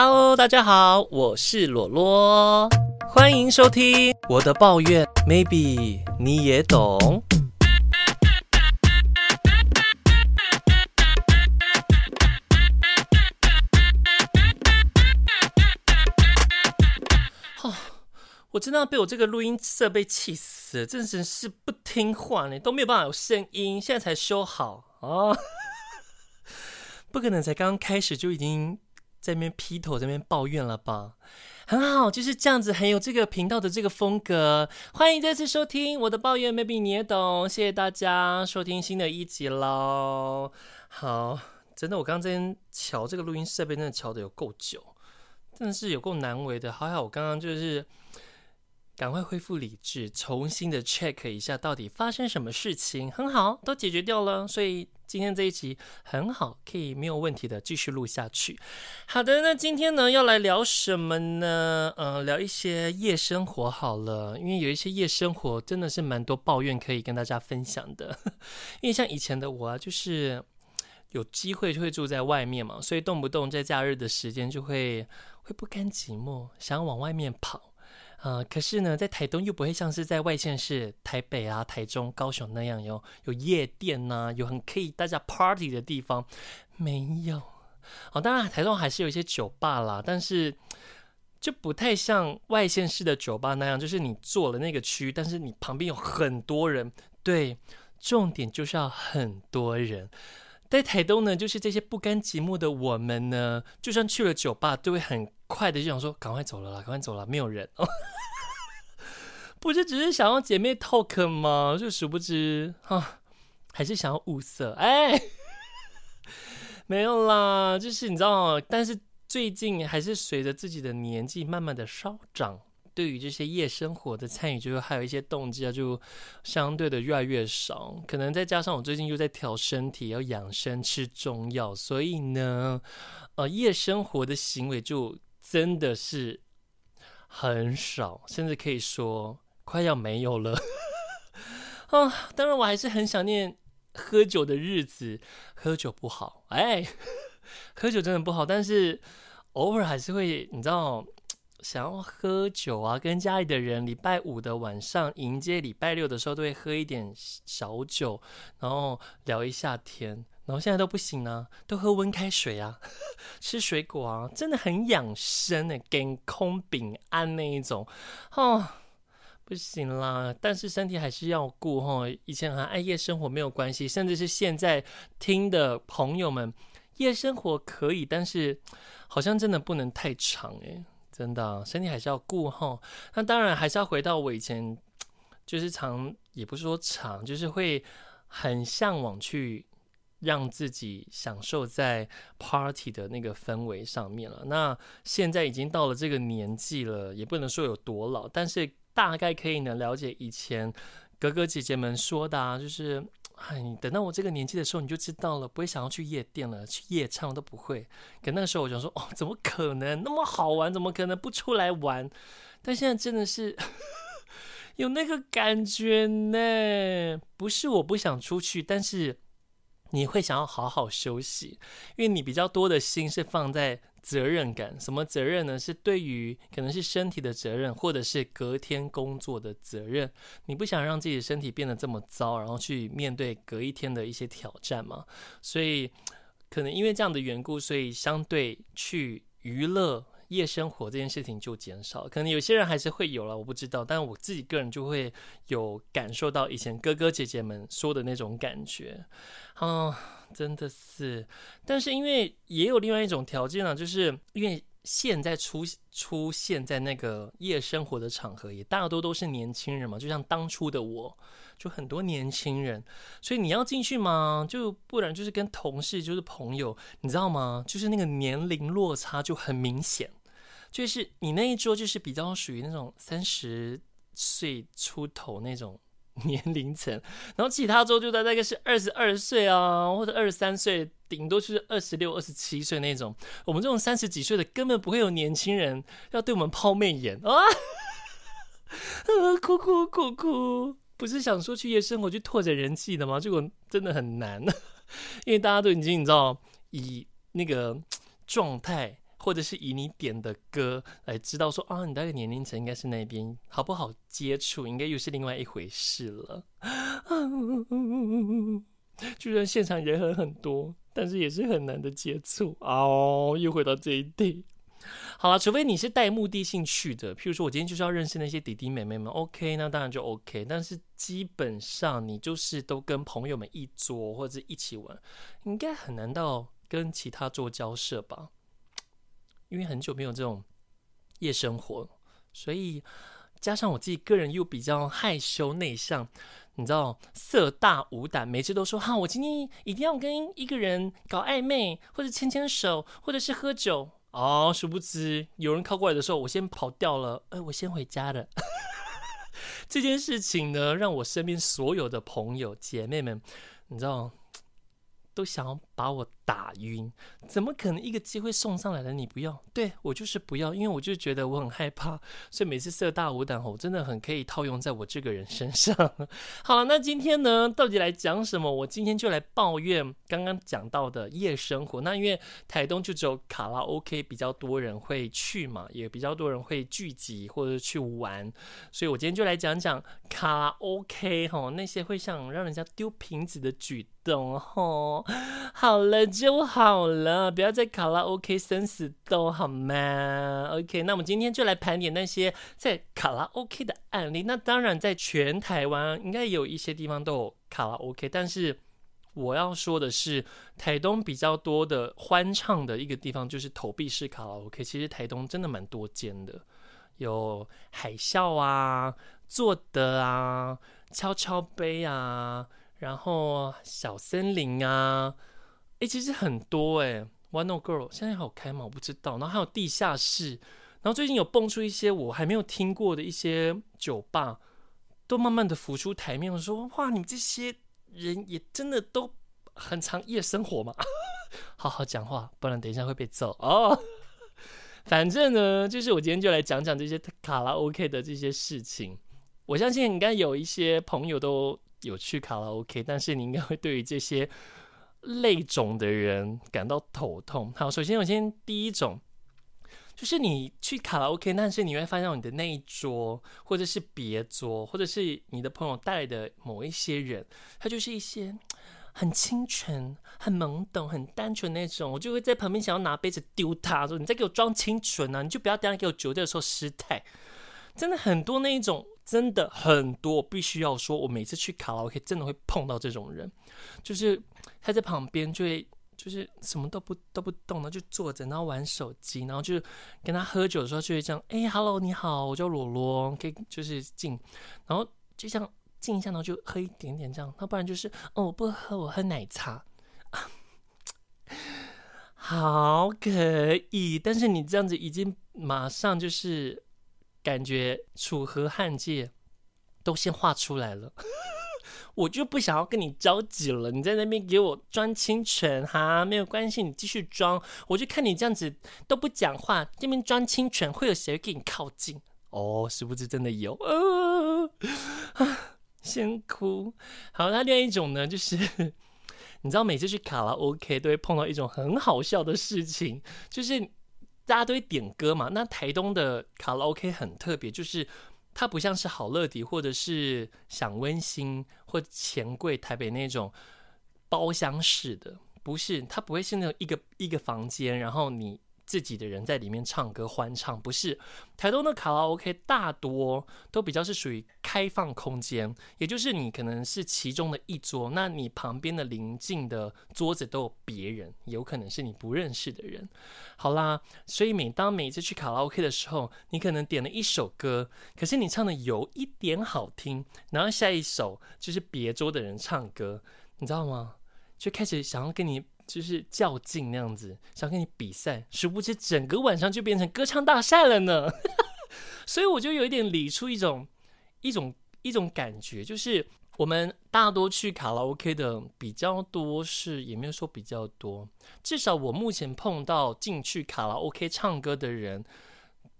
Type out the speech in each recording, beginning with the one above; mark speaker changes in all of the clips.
Speaker 1: Hello，大家好，我是羅羅。歡迎收聽我的抱怨。Maybe 你也懂。哦，我真的要被我這個錄音設備氣死了！真的是不聽話呢，都沒有辦法有聲音，現在才修好哦。 不可能，才剛開始就已經。在那邊劈頭，在那邊抱怨了吧，很好，就是這樣子，很有這個頻道的這個風格。歡迎再次收聽我的抱怨，Maybe 你也懂。謝謝大家收聽新的一集嘍。好，真的，我剛剛這邊調這個錄音設備，真的調的有夠久，真的是有夠難為的。還好我剛剛就是。趕快恢復理智，重新的 check 一下到底發生什麼事情。很好，都解決掉了，所以今天這一集很好，可以沒有問題的繼續錄下去。好的，那今天呢要來聊什麼呢？嗯、呃，聊一些夜生活好了，因為有一些夜生活真的是蠻多抱怨可以跟大家分享的。因為像以前的我啊，就是有機會就會住在外面嘛，所以動不動在假日的時間就會會不甘寂寞，想往外面跑。啊、呃，可是呢，在台東又不會像是在外縣市、台北啊、台中、高雄那樣有有夜店吶、啊，有很可以大家 party 的地方，沒有。好、哦，當然台東還是有一些酒吧啦，但是就不太像外縣市的酒吧那樣，就是你坐了那個區，但是你旁邊有很多人。對，重點就是要很多人。在台東呢，就是這些不甘寂寞的我們呢，就算去了酒吧，都會很快的就想說，趕快走了啦，趕快走了，沒有人哦， 不是只是想要姐妹 talk 嗎？就殊不知哈、啊，還是想要物色哎、欸，沒有啦，就是你知道、喔，但是最近還是隨着自己的年紀慢慢的稍長。對於這些夜生活的參與，就是還有一些動機啊，就相對的越來越少。可能再加上我最近又在調身體，要養生，吃中藥，所以呢，呃，夜生活的行為就真的是很少，甚至可以說快要沒有了。啊、 哦，當然我還是很想念喝酒的日子。喝酒不好，哎，喝酒真的不好，但是偶爾還是會，你知道。想要喝酒啊，跟家裡的人，禮拜五的晚上迎接禮拜六的時候，都會喝一點小酒，然後聊一下天。然後現在都不行啊，都喝溫開水啊，吃水果啊，真的很養生的、欸，跟空餅、安那一種。哦，不行啦，但是身體還是要顧吼。以前很愛夜生活沒有關係，甚至是現在聽的朋友們，夜生活可以，但是好像真的不能太長誒、欸。真的、啊，身體還是要顧齁。那當然還是要回到我以前，就是常，也不是說常，就是會很嚮往去讓自己享受在 party 的那個氛圍上面了。那現在已經到了這個年紀了，也不能說有多老，但是大概可以能了解以前哥哥姐姐們說的啊，就是。哎，你等到我這個年紀的時候，你就知道了，不會想要去夜店了，去夜唱我都不會。可那個時候，我就說，哦，怎麼可能？那麼好玩，怎麼可能不出來玩？但現在真的是 有那個感覺呢。不是我不想出去，但是你會想要好好休息，因為你比較多的心是放在。責任感，什麼責任呢？是對於可能是身體的責任，或者是隔天工作的責任。你不想讓自己的身體變得這麼糟，然後去面對隔一天的一些挑戰嘛？所以，可能因為這樣的緣故，所以相對去娛樂。夜生活這件事情就減少，可能有些人還是會有了，我不知道，但我自己個人就會有感受到以前哥哥姐姐們說的那種感覺，啊，真的是，但是因為也有另外一種條件啊，就是因為現在出出現在那個夜生活的場合也大多都是年輕人嘛，就像當初的我就很多年輕人，所以你要進去嘛，就不然就是跟同事就是朋友，你知道嗎？就是那個年齡落差就很明顯。就是你那一桌就是比較屬於那種三十歲出頭那種年齡層，然後其他桌就大概是二十二歲啊，或者二十三歲，頂多就是二十六、二十七歲那種。我們這種三十幾歲的根本不會有年輕人要對我們拋媚眼啊！ 哭哭哭哭哭！不是想說去夜生活去拓展人氣的嗎？這個真的很難，因為大家都已經你知道以那個狀態。或者是以你點的歌來知道說啊，你大概年齡層應該是那邊好不好接觸？應該又是另外一回事了。居、啊、然現場人很很多，但是也是很難的接觸哦，又回到這一地，好了，除非你是帶目的性去的，譬如說我今天就是要認識那些弟弟妹妹們，OK？那當然就 OK。但是基本上你就是都跟朋友們一桌或者一起玩，應該很難到跟其他桌交涉吧。因為很久沒有這種夜生活，所以加上我自己個人又比較害羞內向，你知道色大無膽，每次都說哈、啊，我今天一定要跟一個人搞曖昧，或者牽牽手，或者是喝酒哦。殊不知有人靠過來的時候，我先跑掉了，哎、呃，我先回家了。 這件事情呢，讓我身邊所有的朋友姐妹們，你知道都想要把我。打暈，怎麼可能一個機會送上來了你不要？對，我就是不要，因為我就覺得我很害怕，所以每次色大無膽吼，真的很可以套用在我這個人身上。 好了，那今天呢，到底來講什麼？我今天就來抱怨剛剛講到的夜生活。那因為台東就只有卡拉 OK 比較多人會去嘛，也比較多人會聚集或者去玩，所以我今天就來講講卡拉 OK 吼那些會想讓人家丟瓶子的舉動吼。好了。就好了，不要再卡拉 OK 生死鬥，好嗎？OK，那我們今天就來盤點那些在卡拉 OK 的案例。那當然，在全台灣應該有一些地方都有卡拉 OK，但是我要說的是，台東比較多的歡唱的一個地方就是投幣式卡拉 OK。其實台東真的蠻多間的，有海嘯啊、做的啊、敲敲杯啊，然後小森林啊。誒、欸，其實很多哎、欸、，One No Girl，現在好開嗎？我不知道。然後還有地下室，然後最近有蹦出一些我還沒有聽過的一些酒吧，都慢慢的浮出台面。說，哇，你們這些人也真的都很常夜生活嗎？ 好好講話，不然等一下會被揍哦。反正呢，就是我今天就來講講這些卡拉 OK 的這些事情。我相信，應該有一些朋友都有去卡拉 OK，但是你應該會對於這些。淚種的人感到頭痛。好，首先，我先第一種就是你去卡拉 OK，但是你會發現，你的那一桌，或者是別桌，或者是你的朋友帶來的某一些人，他就是一些很清純、很懵懂、很單純那種。我就會在旁邊想要拿杯子丟他，說：“你再給我裝清純呢、啊？你就不要等下給我酒醉的時候失態。”真的很多那一種。真的很多，我必須要說，我每次去卡拉 OK 真的會碰到這種人，就是他在旁邊就會就是什麼都不都不動，然後就坐着，然後玩手機，然後就跟他喝酒的時候就會這樣，哎哈嘍，Hello, 你好，我叫羅羅，可以就是敬，然後就像敬一下，然後就喝一點點這樣，那不然就是哦、嗯，我不喝，我喝奶茶， 好可以，但是你這樣子已經馬上就是。感覺楚河漢界都先畫出來了， 我就不想要跟你交集了。你在那邊給我裝清純哈，沒有關係，你繼續裝。我就看你這樣子都不講話，這邊裝清純，會有誰跟你靠近？哦，是不是真的有、啊啊？先哭。好，那另外一種呢，就是你知道每次去卡拉 OK 都會碰到一種很好笑的事情，就是。大家都會點歌嘛。那台東的卡拉 OK 很特別，就是它不像是好樂迪或者是享溫馨或錢櫃台北那種包廂式的，不是？它不會是那種一個一個房間，然後你。自己的人在裡面唱歌歡唱，不是，台東的卡拉 OK 大多都比較是屬於開放空間，也就是你可能是其中的一桌，那你旁邊的鄰近的桌子都有別人，有可能是你不認識的人。好啦，所以每當每次去卡拉 OK 的時候，你可能點了一首歌，可是你唱的有一點好聽，然後下一首就是別桌的人唱歌，你知道嗎？就開始想要跟你。就是較勁那樣子，想跟你比賽，殊不知整個晚上就變成歌唱大賽了呢。 所以我就有一點理出一種一種一種感覺，就是我們大多去卡拉 OK 的比較多是，是也沒有說比較多，至少我目前碰到進去卡拉 OK 唱歌的人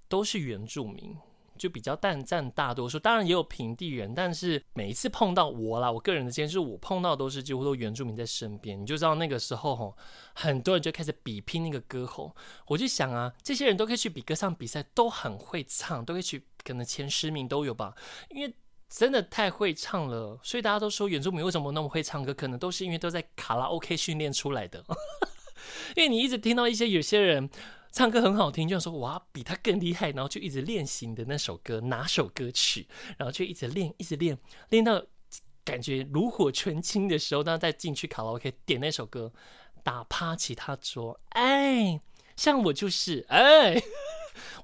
Speaker 1: 都是原住民。就比較淡占大多數，當然也有平地人，但是每一次碰到我啦，我個人的建議是我碰到都是幾乎都原住民在身邊，你就知道那個時候吼，很多人就開始比拼那個歌吼。我就想啊，這些人都可以去比歌唱比賽，都很會唱，都可以去可能前十名都有吧，因為真的太會唱了。所以大家都說原住民為什麼那麼會唱歌，可能都是因為都在卡拉 OK 訓練出來的， 因為你一直聽到一些有些人。唱歌很好聽，就像說哇，比他更厲害，然後就一直練習的那首歌，哪首歌曲？然後就一直練，一直練，練到感覺爐火純青的時候，然後再進去卡拉 OK 點那首歌，打趴其他桌。哎、欸，像我就是哎、欸，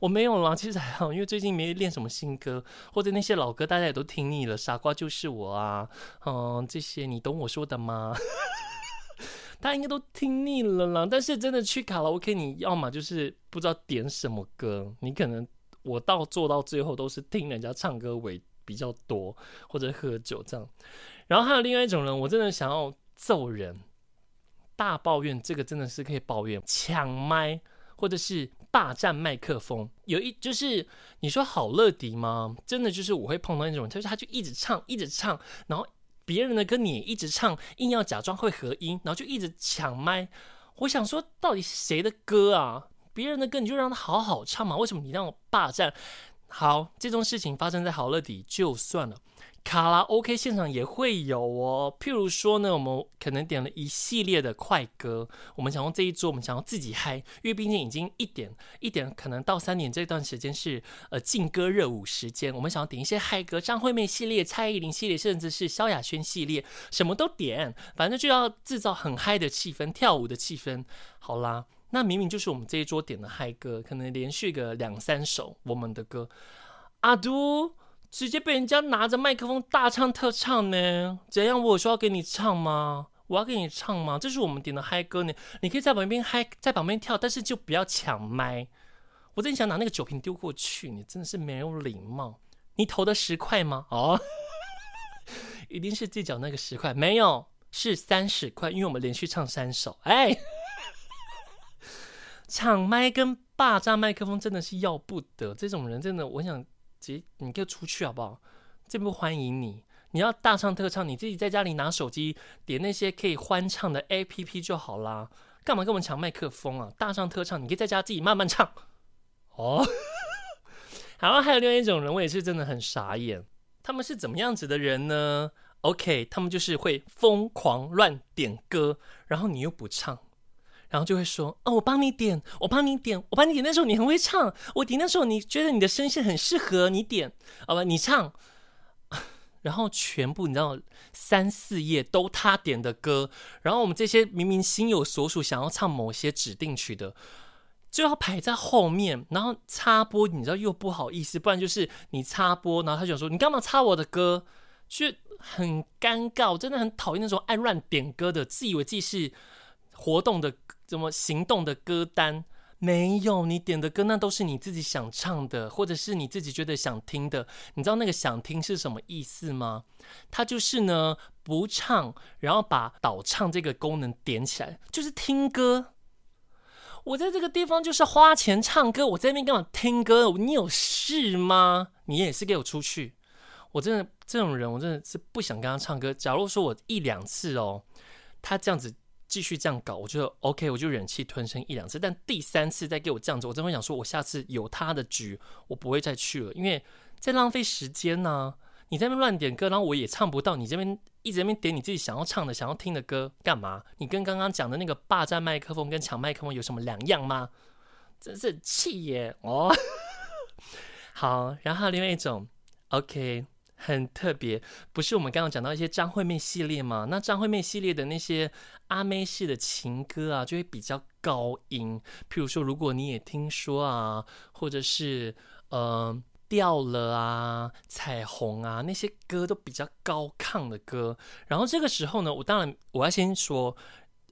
Speaker 1: 我沒有啦。其實還好，因為最近沒練什麼新歌，或者那些老歌大家也都聽膩了。傻瓜就是我啊，嗯，這些你懂我說的嗎？他應該都聽膩了啦，但是真的去卡拉 OK，你要麼就是不知道點什麼歌，你可能我到做到最後都是聽人家唱歌會比較多，或者喝酒這樣。然後還有另外一種人，我真的想要揍人，大抱怨這個真的是可以抱怨搶麥或者是霸佔麥克風。有一就是你說好樂迪嗎？真的就是我會碰到那種人，就是他就一直唱一直唱，然後。別人的歌你也一直唱，硬要假裝會合音，然後就一直搶麥。我想說，到底誰的歌啊？別人的歌你就讓他好好唱嘛，為什麼你讓我霸占？好，這種事情發生在好樂迪就算了。卡拉 OK 現場也會有哦，譬如說呢，我們可能點了一系列的快歌，我們想要這一桌，我們想要自己嗨，因為畢竟已經一點一點，點可能到三點這段時間是呃勁歌熱舞時間，我們想要點一些嗨歌，張惠妹系列、蔡依林系列，甚至是蕭亞軒系列，什麼都點，反正就要制造很嗨的氣氛、跳舞的氣氛。好啦，那明明就是我們這一桌點的嗨歌，可能連續個兩三首我們的歌，阿杜。直接被人家拿着麥克風大唱特唱呢？怎樣？我說要給你唱嗎？我要給你唱嗎？這是我們點的嗨歌呢，你可以在旁邊嗨，在旁邊跳，但是就不要搶麥。我真想拿那個酒瓶丟過去，你真的是沒有禮貌。你投的十塊嗎？哦，一定是計較那個十塊，沒有，是三十塊，因為我們連續唱三首。哎，搶麥跟霸佔麥克風真的是要不得，這種人真的，我想你，你就出去好不好？這不歡迎你。你要大唱特唱，你自己在家裡拿手機點那些可以歡唱的 APP 就好啦。幹嘛跟我們搶麥克風啊？大唱特唱，你可以在家自己慢慢唱。哦， 好，還有另外一種人，我也是真的很傻眼。他們是怎麼樣子的人呢？OK，他們就是會瘋狂亂點歌，然後你又不唱。然後就會說：“哦，我幫你點，我幫你點，我幫你點。”那時候你很會唱，我點那時候你覺得你的聲線很適合你點，好、哦、吧，你唱。然後全部你知道三四頁都他點的歌，然後我們這些明明心有所屬想要唱某些指定曲的，就要排在後面。然後插播，你知道又不好意思，不然就是你插播，然後他就說：“你幹嘛插我的歌？”就很尷尬，我真的很討厭那種愛亂點歌的，自以為自己是。活動的怎麼行動的歌單沒有？你點的歌那都是你自己想唱的，或者是你自己覺得想聽的。你知道那個想聽是什麼意思嗎？他就是呢，不唱，然後把導唱這個功能點起來，就是聽歌。我在這個地方就是花錢唱歌，我在那邊幹嘛聽歌？你有事嗎？你也是給我出去！我真的這種人，我真的是不想跟他唱歌。假如說我一兩次哦，他這樣子。繼續這樣搞，我覺得 OK，我就忍氣吞聲一兩次。但第三次再給我這樣子，我真的想說，我下次有他的局，我不會再去了，因為在浪費時間呢、啊。你在那邊亂點歌，然後我也唱不到，你這邊一直在那邊點你自己想要唱的、想要聽的歌，幹嘛？你跟剛剛講的那個霸占麥克風跟搶麥克風有什麼兩樣嗎？真是氣耶！哦， 好，然後另外一種 OK，很特別，不是我們剛剛講到一些張惠妹系列嗎？那張惠妹系列的那些。阿妹式的情歌啊，就會比較高音。譬如說，如果你也聽說啊，或者是呃掉了啊，彩虹啊，那些歌都比較高亢的歌。然後這個時候呢，我當然我要先說，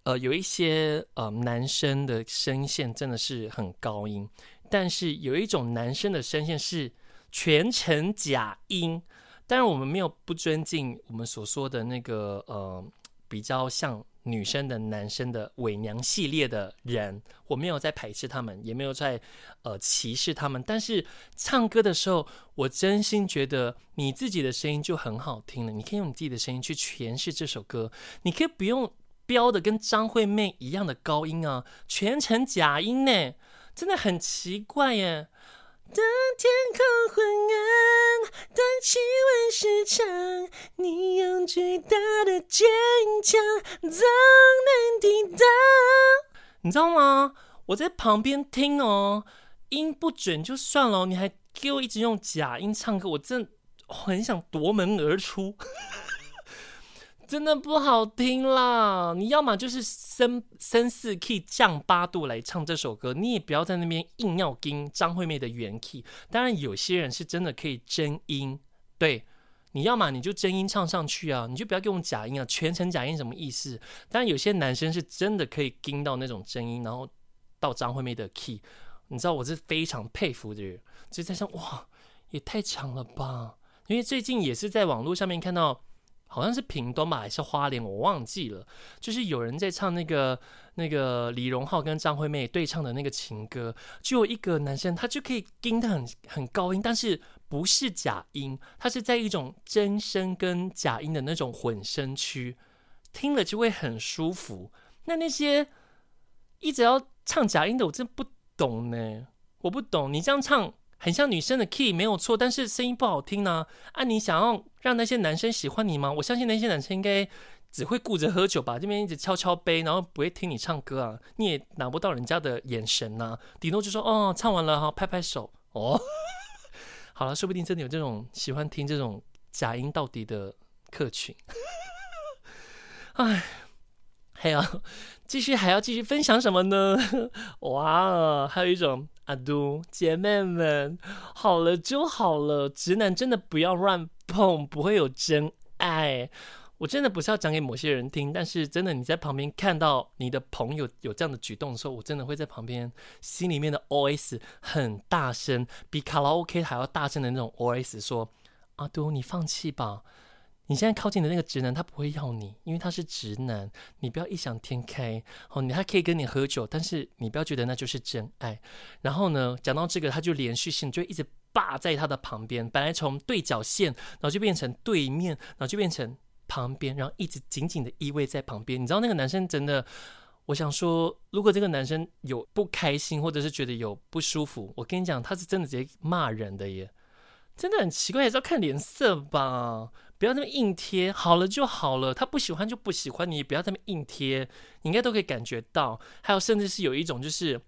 Speaker 1: 呃，有一些呃男生的聲線真的是很高音，但是有一種男生的聲線是全程假音。當然，我們沒有不尊敬我們所說的那個呃，比較像。女生的，男生的偽娘系列的人，我沒有在排斥他們，也沒有在呃歧視他們。但是唱歌的時候，我真心覺得你自己的聲音就很好聽了。你可以用你自己的聲音去詮釋這首歌，你可以不用飆的跟張惠妹一樣的高音啊，全程假音耶，真的很奇怪耶。當天空昏暗，當氣溫失常，你用巨大的堅強總能抵擋。你知道嗎？我在旁邊聽哦，音不準就算了哦，你還給我一直用假音唱歌，我真的很想奪門而出。 真的不好聽啦！你要麼就是升升四 k 降八度來唱這首歌，你也不要在那邊硬要跟張惠妹的原 key。當然，有些人是真的可以真音，對，你要麼你就真音唱上去啊，你就不要給我假音啊，全程假音什麼意思？但有些男生是真的可以跟到那種真音，然後到張惠妹的 key，你知道我是非常佩服的人。就在想：哇，也太強了吧！因為最近也是在網絡上面看到。好像是屏東吧，還是花蓮，我忘記了。就是有人在唱那個那個李榮浩跟張惠妹對唱的那個情歌，就一個男生他就可以聽得很很高音，但是不是假音，他是在一種真聲跟假音的那種混聲區，聽了就會很舒服。那那些一直要唱假音的，我真不懂呢，我不懂。你這樣唱很像女生的 key 沒有錯，但是聲音不好聽呢、啊。啊，你想要？讓那些男生喜歡你嗎？我相信那些男生應該只會顧着喝酒吧，這邊一直敲敲杯，然後不會聽你唱歌啊，你也拿不到人家的眼神吶、啊。迪諾就說：“哦，唱完了哈，拍拍手哦。”好了，說不定真的有這種喜歡聽這種假音到底的客群。哎。還要繼續，還要繼續分享什麼呢？哇，還有一種阿杜姐妹們，好了就好了，直男真的不要亂碰，不會有真愛。我真的不是要講給某些人聽，但是真的你在旁邊看到你的朋友有這樣的舉動的時候，我真的會在旁邊心裡面的 OS 很大聲，比卡拉 OK 還要大聲的那種 OS 說：“阿杜，你放棄吧。”你現在靠近的那個直男，他不會要你，因為他是直男。你不要異想天開哦。你他可以跟你喝酒，但是你不要覺得那就是真愛。然後呢，講到這個，他就連續性就一直霸在他的旁邊。本來從對角線，然後就變成對面，然後就變成旁邊，然後一直緊緊的依偎在旁邊。你知道那個男生真的，我想說，如果這個男生有不開心或者是覺得有不舒服，我跟你講，他是真的直接罵人的耶，真的很奇怪，也是要看臉色吧。不要那麼硬貼，好了就好了。他不喜歡就不喜歡你，也不要這麼硬貼。你應該都可以感覺到。還有，甚至是有一種就是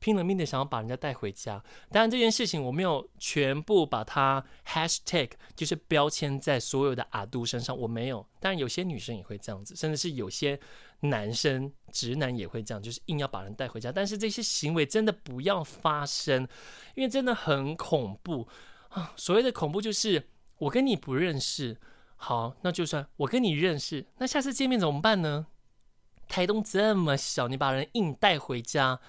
Speaker 1: 拼了命的想要把人家帶回家。當然，這件事情我沒有全部把它 #hashtag 就是標籤在所有的阿杜身上，我沒有。當然，有些女生也會這樣子，甚至是有些男生、直男也會這樣，就是硬要把人帶回家。但是這些行為真的不要發生，因為真的很恐怖啊！所謂的恐怖就是。我跟你不認識，好，那就算我跟你認識，那下次見面怎麼辦呢？台東這麼小，你把人硬帶回家，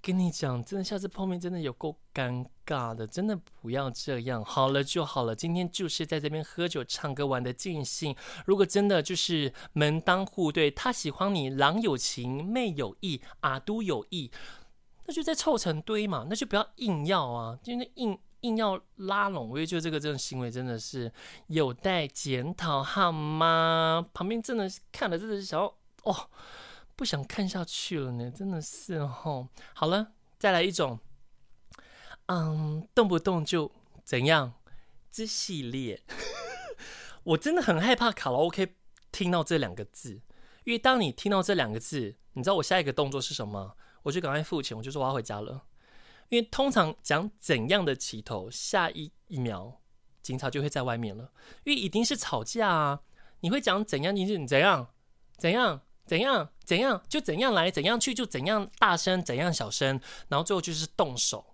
Speaker 1: 跟你講，真的下次碰面真的有夠尷尬的，真的不要這樣，好了就好了。今天就是在這邊喝酒、唱歌、玩得盡興。如果真的就是門當戶對，他喜歡你，郎有情，妹有意，啊，都有意，那就再湊成堆嘛，那就不要硬要啊，真的硬。硬要拉攏，我也覺得這個這種行為真的是有待檢討，好嗎？旁邊真的是看了，真的是想要哦，不想看下去了呢，真的是哦。好了，再來一種，嗯，動不動就怎樣這系列， 我真的很害怕卡拉 OK 聽到這兩個字，因為當你聽到這兩個字，你知道我下一個動作是什麼？我就趕快付錢，我就說我要回家了。因為通常講怎樣的起頭，下一,一秒警察就會在外面了。因為一定是吵架啊！你會講怎樣，你怎樣，怎樣，怎樣，怎樣，就怎樣來，怎樣去，就怎樣大聲，怎樣小聲，然後最後就是動手。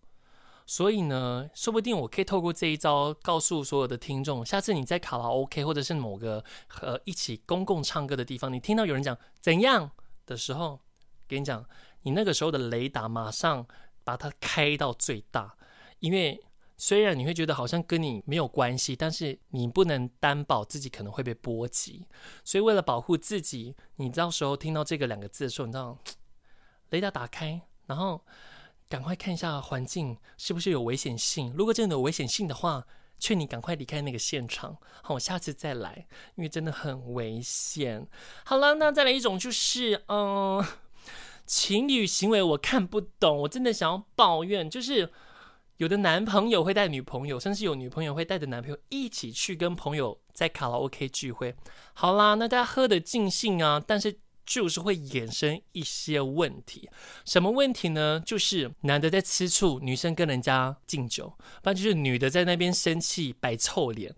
Speaker 1: 所以呢，說不定我可以透過這一招，告訴所有的聽眾：下次你在卡拉 OK 或者是某個呃一起公共唱歌的地方，你聽到有人講怎樣的時候，跟你講，你那個時候的雷達馬上。把它開到最大，因為雖然你會覺得好像跟你沒有關係，但是你不能擔保自己可能會被波及，所以為了保護自己，你到時候聽到這個兩個字的時候，你知道雷達打開，然後趕快看一下環境是不是有危險性。如果真的有危險性的話，勸你趕快離開那個現場，好、哦，我下次再來，因為真的很危險。好了，那再來一種就是，嗯。情侶行為我看不懂，我真的想要抱怨。就是有的男朋友會帶女朋友，甚至有女朋友會帶着男朋友一起去跟朋友在卡拉 OK 聚會。好啦，那大家喝得盡興啊，但是就是會衍生一些問題。什麼問題呢？就是男的在吃醋，女生跟人家敬酒，不然就是女的在那邊生氣擺臭臉，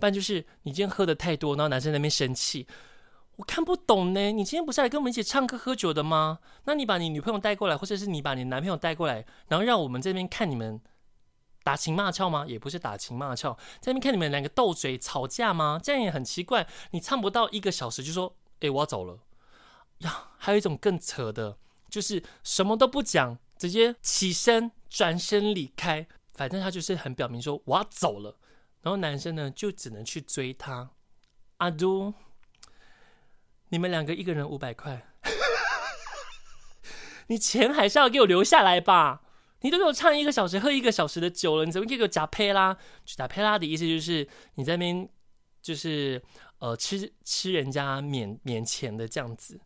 Speaker 1: 不然就是你今天喝得太多，然後男生在那邊生氣。我看不懂呢，你今天不是來跟我們一起唱歌喝酒的嗎？那你把你女朋友帶過來，或者是你把你男朋友帶過來，然後讓我們這邊看你們打情罵俏嗎？也不是打情罵俏，在這邊看你們兩個鬥嘴吵架嗎？這樣也很奇怪。你唱不到一個小時就說：“欸，我要走了。”呀，還有一種更扯的，就是什麼都不講，直接起身轉身離開，反正他就是很表明說我要走了。然後男生呢就只能去追他。阿嘟你們兩個一個人五百塊， 你錢還是要給我留下來吧？你都給我唱一個小時，喝一個小時的酒了，你怎麼可以給我假配啦？假配啦的意思就是你在那邊就是呃吃吃人家免免錢的這樣子，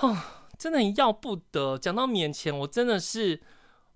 Speaker 1: 哦，真的要不得。講到免錢，我真的是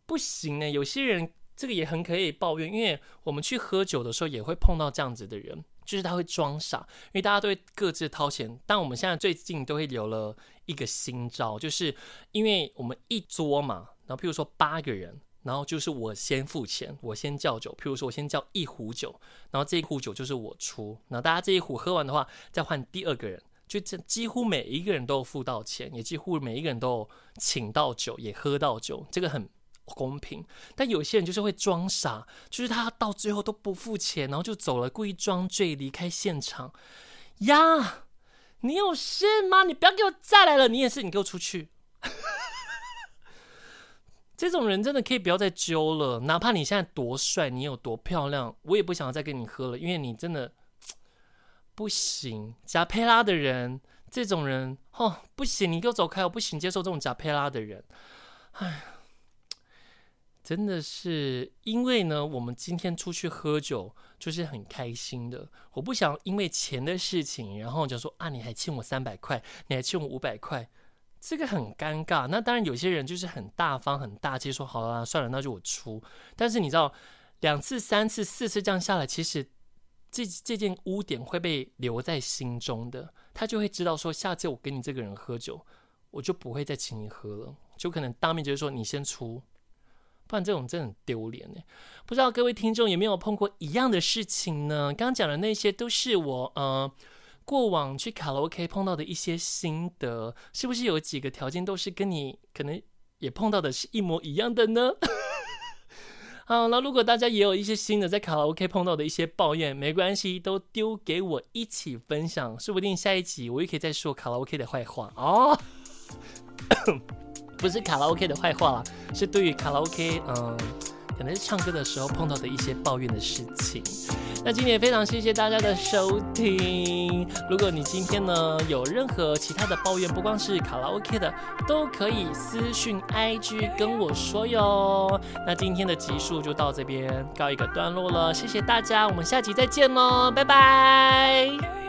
Speaker 1: 不行呢、欸。有些人這個也很可以抱怨，因為我們去喝酒的時候也會碰到這樣子的人。就是他會裝傻，因為大家都會各自掏錢。但我們現在最近都會留了一個新招，就是因為我們一桌嘛，然後譬如說八個人，然後就是我先付錢，我先叫酒。譬如說我先叫一壺酒，然後這一壺酒就是我出。那大家這一壺喝完的話，再換第二個人。就這幾乎每一個人都有付到錢，也幾乎每一個人都有請到酒，也喝到酒。這個很公平，但有些人就是會裝傻，就是他到最後都不付錢，然後就走了，故意裝醉離開現場。呀、yeah，你有事嗎？你不要給我再來了，你也是，你給我出去。 這種人真的可以不要再揪了。哪怕你現在多帥，你有多漂亮，我也不想要再跟你喝了，因為你真的不行。加佩拉的人，這種人，哦，不行，你給我走開，我不行接受這種加佩拉的人。哎呀。真的是因為呢，我們今天出去喝酒就是很開心的。我不想因為錢的事情，然後就說啊，你還欠我三百塊，你還欠我五百塊，這個很尷尬。那當然，有些人就是很大方、很大氣，說好啦算了，那就我出。但是你知道，兩次、三次、四次這樣下來，其實這這件污點會被留在心中的。他就會知道說，下次我跟你這個人喝酒，我就不會再請你喝了，就可能當面，就是說你先出。換這種真的很丟臉哎！不知道各位聽眾有沒有碰過一樣的事情呢？剛剛講的那些都是我呃過往去卡拉 OK 碰到的一些心得，是不是有幾個條件都是跟你可能也碰到的是一模一樣的呢？ 好，那如果大家也有一些新的在卡拉 OK 碰到的一些抱怨，沒關係，都丟給我一起分享，說不定下一集我又可以再說卡拉 OK 的壞話哦， 不是卡拉 OK 的壞話啦。是對於卡拉 OK，嗯，可能是唱歌的時候碰到的一些抱怨的事情。那今天也非常謝謝大家的收聽。如果你今天呢有任何其他的抱怨，不光是卡拉 OK 的，都可以私訊 IG 跟我說喲。那今天的集數就到這邊告一個段落了，謝謝大家，我們下集再見嘍，拜拜。